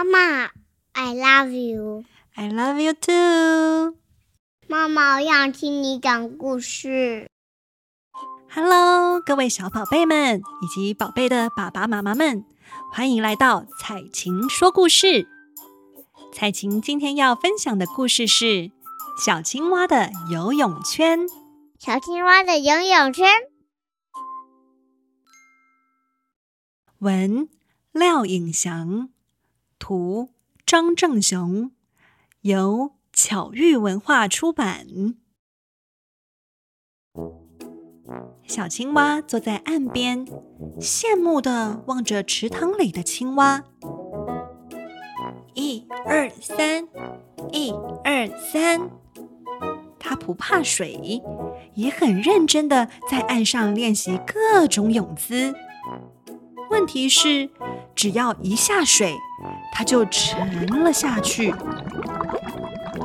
媽媽，I love you. I love you too. 媽媽，我想聽你講故事。哈嘍，各位小寶貝們以及寶貝的爸爸媽媽們，歡迎來到彩琴說故事。彩琴今天要分享的故事是《小青蛙的游泳圈》。小青蛙的游泳圈。文：廖穎祥。圖張正雄，由巧育文化出版。小青蛙坐在岸邊，羨慕地望着池塘裡的青蛙。一二三，一二三，他不怕水，也很認真的在岸上練習各種泳姿。問題是，只要一下水。它就沉了下去。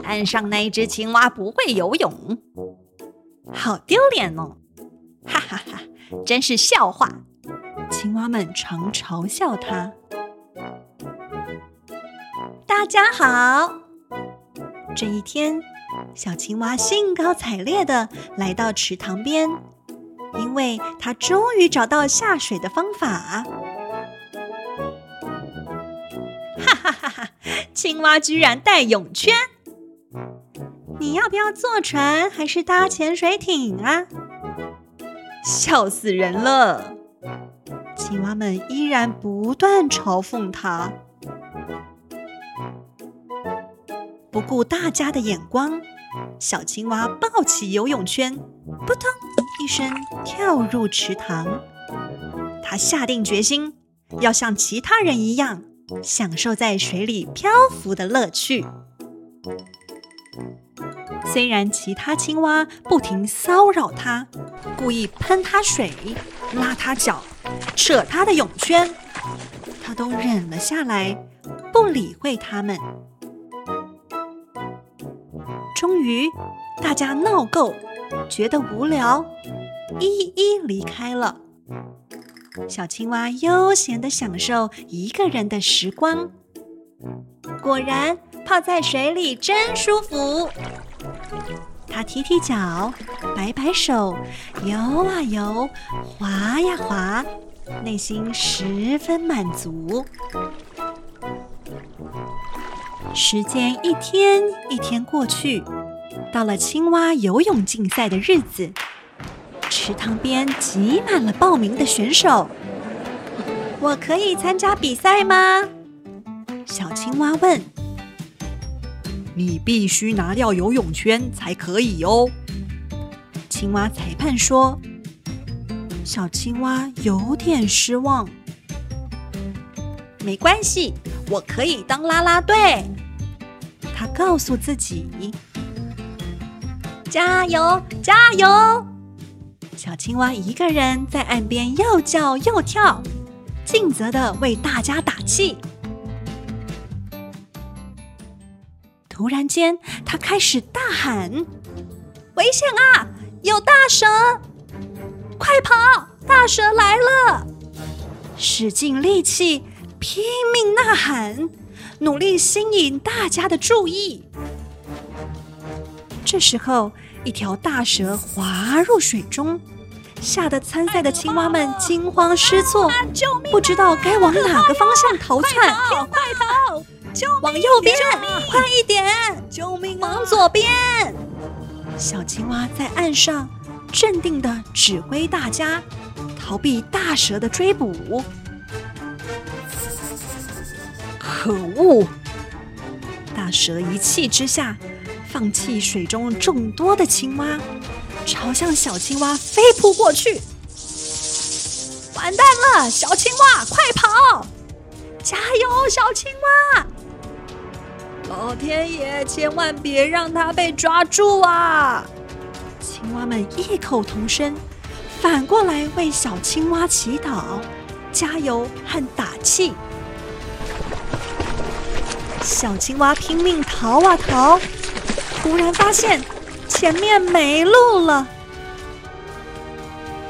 岸上那一隻青蛙不會游泳，好丟臉哦！哈哈哈，真是笑話。青蛙們常嘲笑它。大家好，這一天，小青蛙興高采烈地來到池塘邊，因為它終於找到下水的方法。青蛙居然戴泳圈！你要不要坐船還是搭潛水艇啊？笑死人了！青蛙們依然不斷嘲諷他，不顧大家的眼光。小青蛙抱起游泳圈，撲通一聲跳入池塘。他下定決心要像其他人一樣。享受在水裡漂浮的樂趣。雖然其他青蛙不停騷擾它，故意噴它水、拉它腳、扯它的泳圈，它都忍了下來，不理會他們。終於，大家鬧夠，覺得無聊，一一離開了。小青蛙悠閒地享受一個人的時光，果然泡在水裡真舒服。它踢踢腳，擺擺手，游啊游，滑呀滑，內心十分滿足。時間一天一天過去，到了青蛙游泳競賽的日子。池塘邊擠滿了報名的選手。我可以參加比賽嗎？小青蛙問。你必須拿掉游泳圈才可以哦。青蛙裁判說。小青蛙有點失望。沒關係，我可以當啦啦隊。他告訴自己。加油，加油！小青蛙一個人在岸邊又叫又跳，盡責的為大家打氣。突然間，他開始大喊：“危險啊！有大蛇！快跑！大蛇來了！”使盡力氣，拼命吶喊，努力吸引大家的注意。這時候，一條大蛇滑入水中，嚇得參賽的青蛙們驚慌失措，不知道該往哪個方向逃竄。快跑！往右邊，快一點！救命啊！往左邊，小青蛙在岸上鎮定地指揮大家逃避大蛇的追捕。可惡！大蛇一氣之下，放棄水中眾多的青蛙，朝向小青蛙飛撲過去。完蛋了，小青蛙，快跑！加油，小青蛙！老天爺，千萬別讓它被抓住啊！青蛙們異口同聲，反過來為小青蛙祈禱、加油和打氣。小青蛙拼命逃啊逃！突然發現前面沒路了，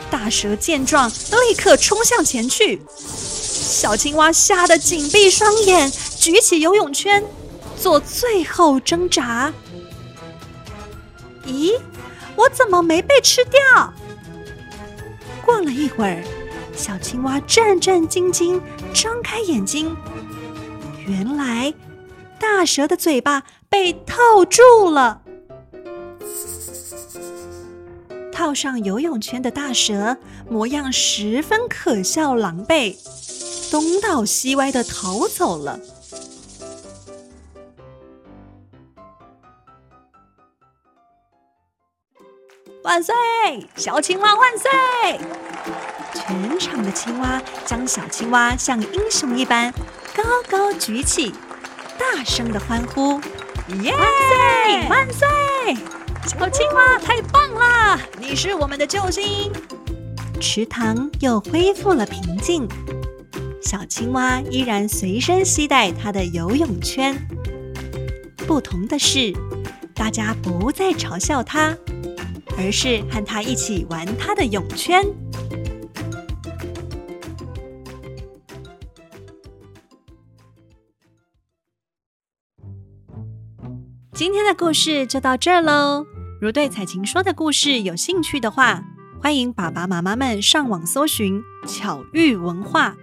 大蛇見狀立刻衝向前去，小青蛙嚇得緊閉雙眼，舉起游泳圈做最後掙扎。咦？我怎麼沒被吃掉？過了一會兒，小青蛙戰戰兢兢張開眼睛，原來大蛇的嘴巴。被套住了，套上游泳圈的大蛇模樣十分可笑狼狽，東倒西歪的逃走了。萬歲，小青蛙萬歲！全場的青蛙將小青蛙像英雄一般高高舉起，大聲的歡呼。Yeah! 萬歲！萬歲！小青蛙、哦、太棒了，你是我們的救星。池塘又恢復了平靜，小青蛙依然隨身攜帶它的游泳圈。不同的是，大家不再嘲笑它，而是和它一起玩它的泳圈。今天的故事就到這兒嘍。如對彩琴說的故事有興趣的話，歡迎爸爸媽媽們上網搜尋巧育文化，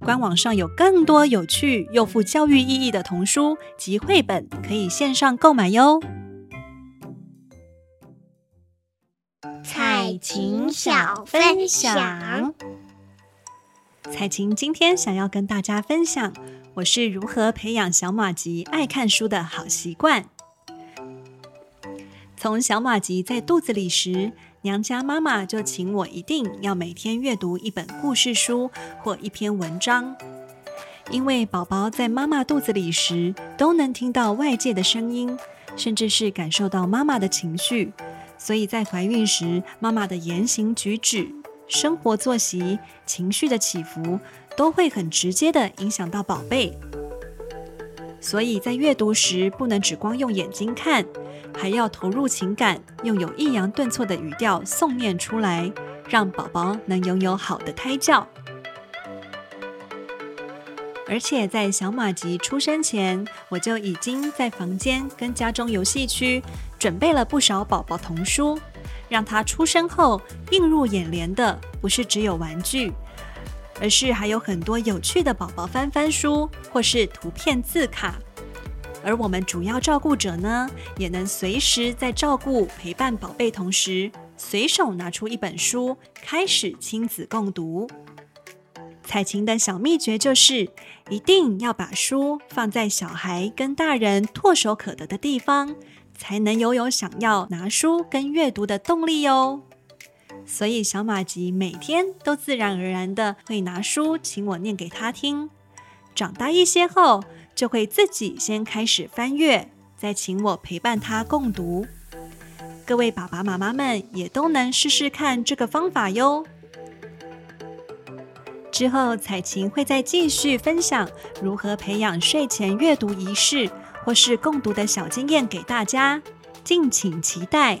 官網上有更多有趣又富教育意義的童書及繪本，可以線上購買喲。彩琴小分享：彩琴今天想要跟大家分享，我是如何培養小馬吉愛看書的好習慣。從小馬吉在肚子裡時，娘家媽媽就請我一定要每天閱讀一本故事書或一篇文章，因為寶寶在媽媽肚子裡時都能聽到外界的聲音，甚至是感受到媽媽的情緒，所以在懷孕時，媽媽的言行舉止、生活作息、情緒的起伏都會很直接地影響到寶貝。所以在閱讀時，不能只光用眼睛看，還要投入情感，用有抑揚頓挫的語調誦念出來，讓寶寶能擁有好的胎教。而且在小馬吉出生前，我就已經在房間跟家中遊戲區準備了不少寶寶童書，讓他出生後映入眼簾的不是只有玩具。而是還有很多有趣的寶寶翻翻書，或是圖片字卡。而我們主要照顧者呢，也能隨時在照顧陪伴寶貝同時，隨手拿出一本書，開始親子共讀。彩琴的小秘訣就是，一定要把書放在小孩跟大人唾手可得的地方，才能擁有有想要拿書跟閱讀的動力喲。所以，小馬吉每天都自然而然地會拿書請我念給他聽。長大一些後，就會自己先開始翻閱，再請我陪伴他共讀。各位爸爸媽媽們也都能試試看這個方法喲。之後，彩琴會再繼續分享如何培養睡前閱讀儀式或是共讀的小經驗給大家，敬請期待。